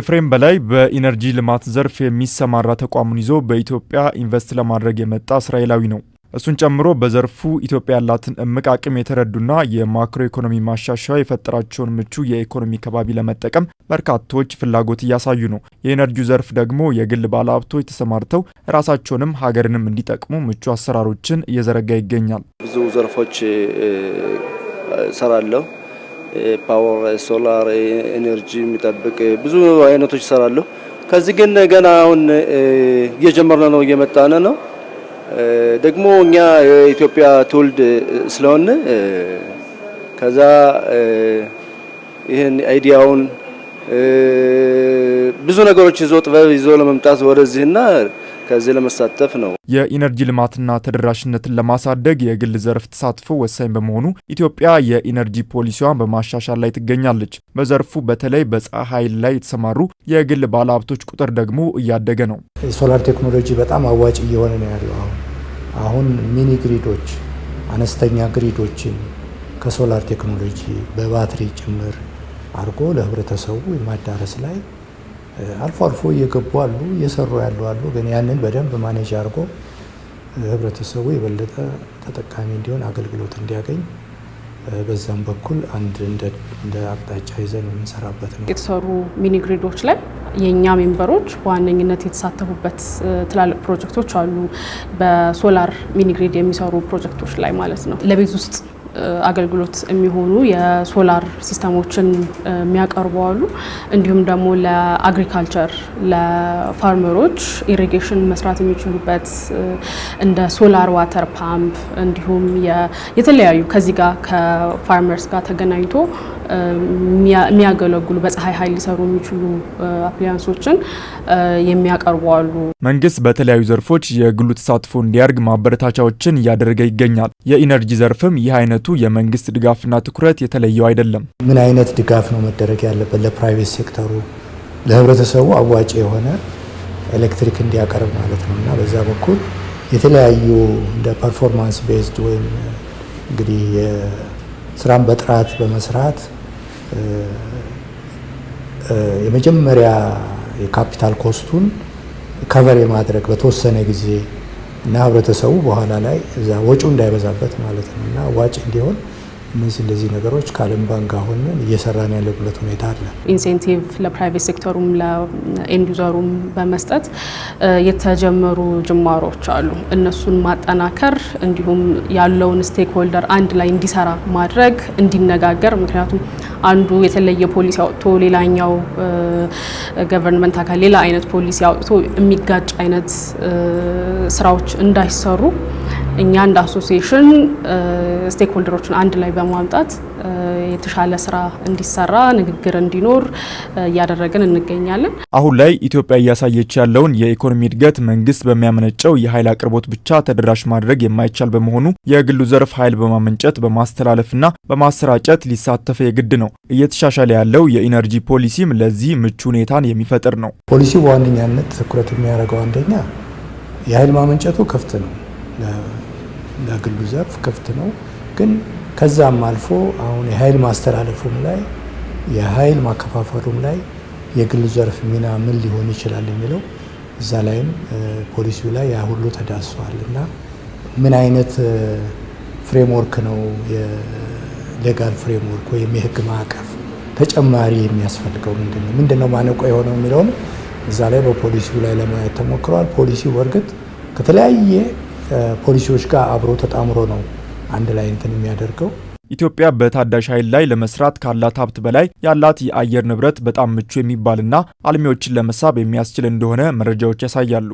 ኤፍሬም በላይ በኢነርጂ ልማት ዘርፍ የሚሰማራ ተቋሙን ይዞ በኢትዮጵያ ኢንቨስት ለማድረግ የመጣ እስራኤላዊ ነው። እሱን ጨምሮ በዘርፉ ኢትዮጵያ ያላትን እምቅ አቅም የተረዱና የማክሮ ኢኮኖሚ ማሻሻያ የፈጠራቸውን ምቹ የኢኮኖሚ ከባቢ ለመጠቀም በርካቶች ፍላጎት እያሳዩ ነው። የኢነርጂው ዘርፍ ደግሞ የግል ባለሀብቶች ተሰማርተው ራሳቸውንም ሀገርንም እንዲጠቅሙ ምቹ አሰራሮችን እየዘረጋ ይገኛል። ብዙ ዘርፎች ሰራለሁ ፓወር፣ ሶላር ኤነርጂ የሚጠብቅ ብዙ አይነቶች ይሰራሉ። ከዚህ ግን ገና አሁን እየጀመርነ ነው እየመጣነ ነው። ደግሞ እኛ የኢትዮጵያ ትውልድ ስለሆነ ከዛ ይህን አይዲያውን ብዙ ነገሮች ይዞ ጥበብ ይዞ ለመምጣት ወደዚህና ከዚህ ለመሳተፍ ነው። የኢነርጂ ልማትና ተደራሽነትን ለማሳደግ የግል ዘርፍ ተሳትፎ ወሳኝ በመሆኑ ኢትዮጵያ የኢነርጂ ፖሊሲዋን በማሻሻል ላይ ትገኛለች። በዘርፉ በተለይ በፀሐይ ኃይል ላይ የተሰማሩ የግል ባለሀብቶች ቁጥር ደግሞ እያደገ ነው። የሶላር ቴክኖሎጂ በጣም አዋጭ እየሆነ ነው ያለው። አሁን አሁን ሚኒ ግሪዶች አነስተኛ ግሪዶችን ከሶላር ቴክኖሎጂ በባትሪ ጭምር አድርጎ ለህብረተሰቡ የማዳረስ ላይ አልፎ አልፎ እየገቡ አሉ፣ እየሰሩ ያሉ አሉ። ግን ያንን በደንብ ማኔጅ አድርጎ ህብረተሰቡ የበለጠ ተጠቃሚ እንዲሆን አገልግሎት እንዲያገኝ በዛም በኩል አንድ እንደ አቅጣጫ ይዘን የምንሰራበት ነው። የተሰሩ ሚኒግሪዶች ላይ የእኛ ሜምበሮች በዋነኝነት የተሳተፉበት ትላልቅ ፕሮጀክቶች አሉ። በሶላር ሚኒግሪድ የሚሰሩ ፕሮጀክቶች ላይ ማለት ነው ለቤት ውስጥ አገልግሎት የሚሆኑ የሶላር ሲስተሞችን የሚያቀርቡ አሉ። እንዲሁም ደግሞ ለአግሪካልቸር ለፋርመሮች ኢሪጌሽን መስራት የሚችሉበት እንደ ሶላር ዋተር ፓምፕ እንዲሁም የተለያዩ ከዚህ ጋር ከፋርመርስ ጋር ተገናኝቶ የሚያገለግሉ በፀሐይ ኃይል ሊሰሩ የሚችሉ አፕሊያንሶችን የሚያቀርቡ አሉ። መንግስት በተለያዩ ዘርፎች የግሉ ተሳትፎ እንዲያድግ ማበረታቻዎችን እያደረገ ይገኛል። የኢነርጂ ዘርፍም ይህ አይነቱ የመንግስት ድጋፍና ትኩረት የተለየው አይደለም። ምን አይነት ድጋፍ ነው መደረግ ያለበት? ለፕራይቬት ሴክተሩ ለህብረተሰቡ አዋጭ የሆነ ኤሌክትሪክ እንዲያቀርብ ማለት ነው እና በዛ በኩል የተለያዩ እንደ ፐርፎርማንስ ቤዝድ ወይም እንግዲህ ስራን በጥራት በመስራት የመጀመሪያ የካፒታል ኮስቱን ከቨር የማድረግ በተወሰነ ጊዜ እና ህብረተሰቡ በኋላ ላይ እዛ ወጪው እንዳይበዛበት ማለት ነው እና ዋጭ እንዲሆን እነዚህ እንደዚህ ነገሮች ከዓለም ባንክ አሁን እየሰራን ያለበት ሁኔታ አለ። ኢንሴንቲቭ ለፕራይቬት ሴክተሩም ለኤንዱዘሩም በመስጠት የተጀመሩ ጅማሮች አሉ። እነሱን ማጠናከር እንዲሁም ያለውን ስቴክ ሆልደር አንድ ላይ እንዲሰራ ማድረግ እንዲነጋገር፣ ምክንያቱም አንዱ የተለየ ፖሊሲ አውጥቶ ሌላኛው ገቨርንመንት አካል ሌላ አይነት ፖሊሲ አውጥቶ የሚጋጭ አይነት ስራዎች እንዳይሰሩ እኛ እንደ አሶሲዬሽን ስቴክሆልደሮችን አንድ ላይ በማምጣት የተሻለ ስራ እንዲሰራ ንግግር እንዲኖር እያደረግን እንገኛለን። አሁን ላይ ኢትዮጵያ እያሳየች ያለውን የኢኮኖሚ እድገት መንግስት በሚያመነጨው የኃይል አቅርቦት ብቻ ተደራሽ ማድረግ የማይቻል በመሆኑ የግሉ ዘርፍ ኃይል በማመንጨት በማስተላለፍና በማሰራጨት ሊሳተፈ የግድ ነው። እየተሻሻለ ያለው የኢነርጂ ፖሊሲም ለዚህ ምቹ ሁኔታን የሚፈጥር ነው። ፖሊሲው በዋነኛነት ትኩረት የሚያደርገው አንደኛ የኃይል ማመንጨቱ ክፍት ነው ለግሉ ዘርፍ ክፍት ነው። ግን ከዛም አልፎ አሁን የኃይል ማስተላለፉም ላይ የኃይል ማከፋፈሉም ላይ የግሉ ዘርፍ ሚና ምን ሊሆን ይችላል የሚለው እዛ ላይም ፖሊሲው ላይ ያ ሁሉ ተዳስሷል እና ምን አይነት ፍሬምወርክ ነው የሌጋል ፍሬምወርክ ወይም የህግ ማዕቀፍ ተጨማሪ የሚያስፈልገው ምንድን ነው ምንድን ነው ማነቆ የሆነው የሚለውም እዛ ላይ በፖሊሲው ላይ ለማየት ተሞክረዋል። ፖሊሲው በእርግጥ ከተለያየ ፖሊሲዎች ጋር አብሮ ተጣምሮ ነው አንድ ላይ እንትን የሚያደርገው። ኢትዮጵያ በታዳሽ ኃይል ላይ ለመስራት ካላት ሀብት በላይ ያላት የአየር ንብረት በጣም ምቹ የሚባልና አልሚዎችን ለመሳብ የሚያስችል እንደሆነ መረጃዎች ያሳያሉ።